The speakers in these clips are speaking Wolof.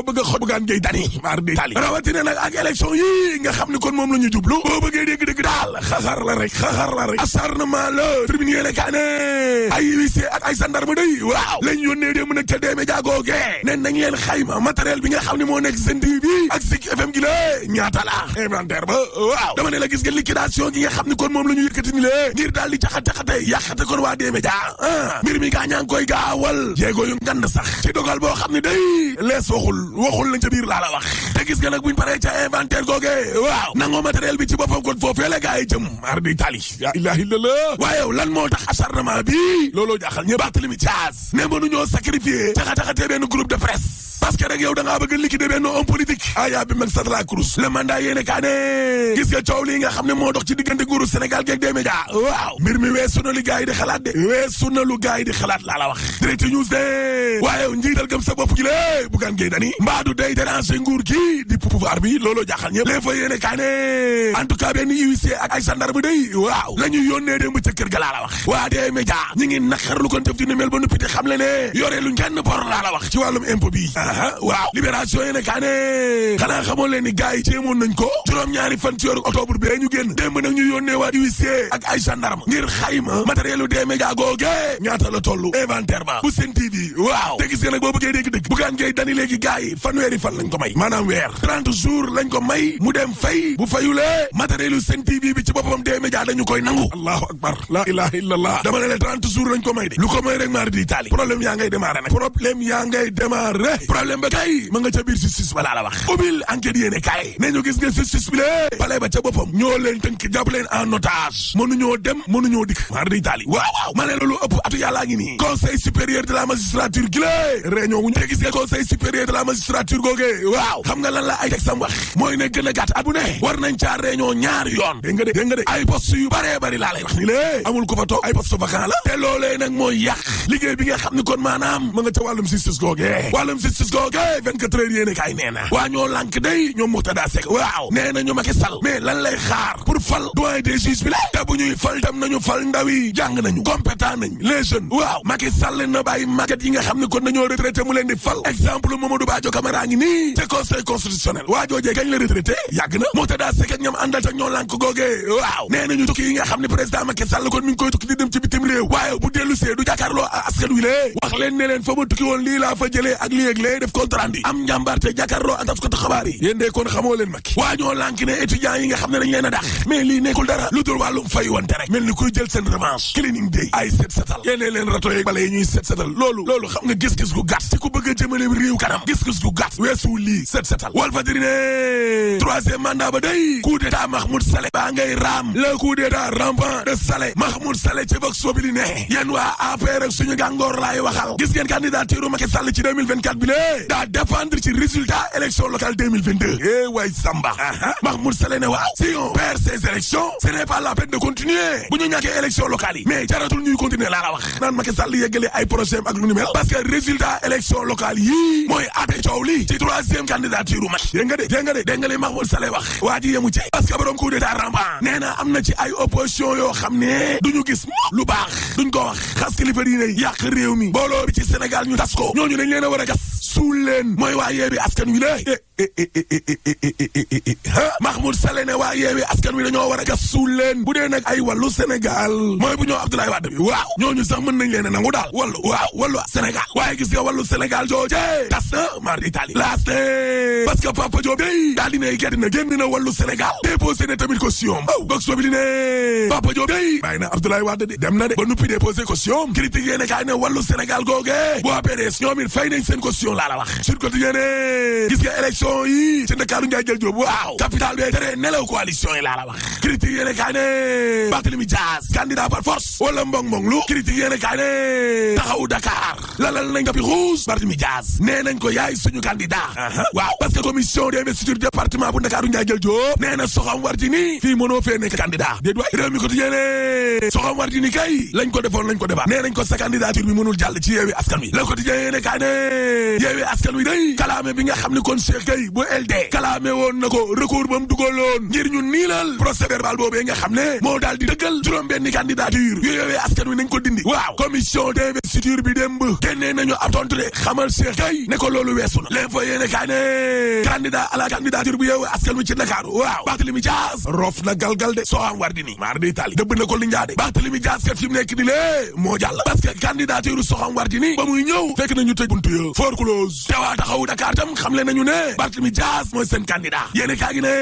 dafa bëgg a xoj Bougane Gueye Dany maar de tali rawatina nag ak élection yi nga xam ni kon moom la ñu jublu boo bëggee dégg-dégg daal xaxar la rek xaxar la rek la tribune yéene kaa ne ay huissier ak ay gendarme day waaw lañ yónnee démb nag ca deeme jaagoogee ne nañ leen xayma matériel bi nga xam ne moo nekk seen TV bi ak Zik FM gi la ñaata la inventaire ba waaw dama ne la gis nga liquidation gi nga xam ni kon moom la ñu yëkkati ni lee ngir daal di jaxat-jaxate yàqate kon waa deeme jaa ah mbir boo xam ne day waxul lañ ca biir laa la wax te gis nga nag buñ paree ca inventaire googe waaw nangoo matériel bi ci boppam kon foofee la gaa yi jëm ar di tali yaa ilaahi la la waaye lan moo tax acharnement bi looloo jaaxal ñe baxta li mi caas ne mënuñoo sacrifier caxa-caxatee benn groupe de presse parce rek yow da ngaa bëgg liquider benn homme politique ayaa ah, bi mag satla crous le mandat yéene gis nga coow lii xam ne moo dox ci diggante nguuru Sénégal geeg des médias waaw mbir mi yi di xalaat de lu gars yi di xalaat la wax direct news de waaye njiital sa bopp gi lée buggaan géey dani mbaadu day déranger nguur gi di pouvoir bi looloo jaaxal ñëpp les fa yéene kaa ne en tout benn huissier ak ay gendarme day waaw la ñuy yónnee démb ca kër ga laa la wax waa dee média ñi ngi naqar lu kon def mel ba noppi di ne yoree luñ kenn bor laa la wax ci wàllum impôt bi aa waaw libération yéene kaa xanaa xamoon leen ni gars nañ ko juróom-ñaari fan ci weeru octobre bee ñu génn démb nag ñu waa huissier ak ay gendarme ngir xayma matériel u yi fanweeri fan lañ ko may maanaam weer 30 jours lañ ko may mu dem fay bu fayulee matérielu Sen TV bi ci boppam dee média dañu koy nangu allahu akbar la ilaha illallah dama ne la lañ ko may de lu ko may rek maari di taali problème yaa ngay démarré nag problème ba kay ma nga ca biir justice ba laa la wax ubbil enquête yéene kay ne ñu gis nga justice bi le palais ba ca boppam ñoo leen tënk jàpp leen en otage mënuñoo dem mënuñoo dikk maari di taali magistrature googee waaw xam nga lan la ay teg sam wax mooy ne gën a gàtt at bu ne war nañ caa réunion ñaari yoon dégg nga de dégg nga de ay poste yu bëree bëri laa lay wax ni lée amul ko fa toog ay poste vacant la te loolee nag mooy yàq liggéey bi nga xam ni kon maanaam ma nga ca wàllum justice googee wàllum justice googee vingt-quatre heures yéene kaay nee na waa ñoo lànk day ñoom Murtada Seck waaw nee na ñu Macky Sall mais lan lay xaar pour fal doyen des juges bi la te bu ñuy fal tam nañu fal ndaw yi jàng nañu compétent nañ les jeunes waaw Macky Sall na bàyyi màggat yi nga xam ni kon nañoo retraité mu leen di fal exemple Mamadou Ba Sadio Camara nii te conseil constitutionnel waajoojee kañ la retraité yàgg moo tax daa sekk ak ñoom àndal ak waaw nee nañu tukki yi nga xam ne président Macky kon mi koy tukki dem ci bitim réew waaye dellu see du jàkkaarloo askan wi lee wax leen ne fa ma tukki woon lii laa fa jëlee ak lii ak lee def contrat am njàmbaarte jàkkaarloo ak taskatu xabaar yi de kon xamoo mag waa ñoo lànk yi nga xam ne dañ leen a dàq mais lii nekkul dara lu dul wàllum fay wante rek mel ni kuy jël seen revanche cleaning day ay set setal yéen leen rato yeeg bale yi ñuy set setal loolu loolu xam nga gis-gis gu gàtt ci ku bëgg a jëmale gis gu gàtt weesu lii set setal wal waa APR ak suñu gàngoor laay waxal gis ngeen candidature Macky Sall ci 2024 bi lée daa dépendre ci résultat élection locale 2022 eh waay Samba Mahmoud Saleh ne waaw si on perd ces élections ce la peine de continuer bu ñu ñàkkee élection locale yi mais jaratul ñuy continuer laa la wax naan Macky Sall yeggale ay projet ak lu ni mel parce que résultat élection locale yii mooy atte coow li ci troisième candidature Macky dégg nga de dégg nga de dégg nga na am na ci ay opposition yoo xam ne duñu gis lu baax duñ ko wax xas kilifa diine yàq réew mi booloo bi ci Sénégal ñu tas ko ñooñu dañ leen a war a gas suul leen mooy waa yeewi askan wi la ah Mahmoud Saleh ne waa yeewi askan wi dañoo war a gas suul leen bu dee nag ay wàllu Sénégal mooy bu ñoo Abdoulaye Wade bi waaw ñooñu sax mën nañ leen a nangu daal wàllu waaw wàllu Sénégal waaye gis nga wàllu Sénégal jooje tas na mar d'Italie laast parce que Papa Diop day daal dinay gedd na génn na wàllu Sénégal déposé ne tamit caution aw box bobi li ne Papa Diop day bàyyi na Abdoulaye Wade di dem na de ba nuppi déposé caution critique la wax sur côté yéene gis nga élection yi ci Ndakaaru Njaay jël Jóob waaw capital bi tere nelaw coalition yi laa la wax critique yéene kaay ne Barthélémy Dias candidat par force wala mbong mbong lu critique yéene kaay ne taxawu Dakar lalal nañ tapi xuus Barthélémy Dias nee nañ ko yaay suñu candidat waaw parce que commission d'investiture département bu Ndakaaru Njaay jël Jóob nee na soxam war ci ni fii mënoo fee nekk candidat déet waay réew mi côté kay lañ ko defoon lañ ko ko sa candidature bi mënul jàll ci yeewi yeewi askan wi day kalaame bi nga xam ne kon Cheikh Gueye bu LD kalaame woon na ko recours ba mu dugaloon ngir ñu niilal procès verbal boobee nga xam ne moo daal di dëggal juróom-benni candidature yu yeewee askan wi nañ ko dindi waaw commission d'investiture bi démb génnee nañu ab tontu de xamal Cheikh Gueye ne ko loolu weesu na l'info yéene kaa ne candidat à la bu yeewee askan wi ci Ndakaaru waaw Barthélémy Dias rof galgal de soo am maar cause te waa taxawu Dakar tam xam le nañu ne Barthélemy Dias mooy seen candidat yéene kaa ne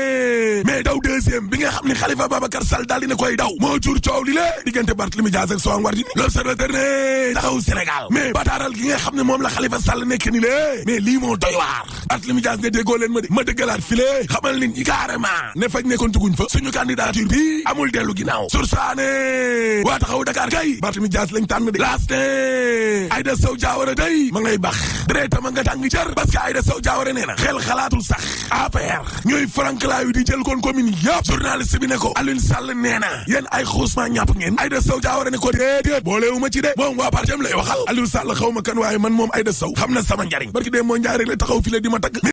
mais daw deuxième bi nga xam ne Khalifa Babacar Sall daal dina koy daw moo jur coow li lée diggante Barthélemy Dias ak Soham Wardini l'observateur ne taxawu Sénégal mais bataaral gi nga xam ne moom la Khalifa Sall nekk ni lée mais lii moo doy waar Barthélemy Dias ne déggoo leen ma di ma dëggalaat fi lée xamal nit ñi carrément ne fañ nekkoon tuguñ fa suñu candidature bi amul dellu ginnaaw sur saane waa taxawu Dakar kay Barthélemy Dias lañ tànn de laas ne Aïda Sow Diawara day ma ma nga tàng jër parce que Aïda Sow Diawara nee xel xalaatul sax APR ñooy franklaayu di jël koon commune yëpp journaliste bi ne ko Alioune Sall nee na yéen ay xuusma ñàpp ngeen Aïda Sow Diawara ne ko déedéet booleewu ma ci de moom waa parti am lay waxal Alioune Sall xaw ma kan waaye man moom Aïda Sow xam na sama njariñ barki dee moo njaay rek la taxaw fi la di ma tagg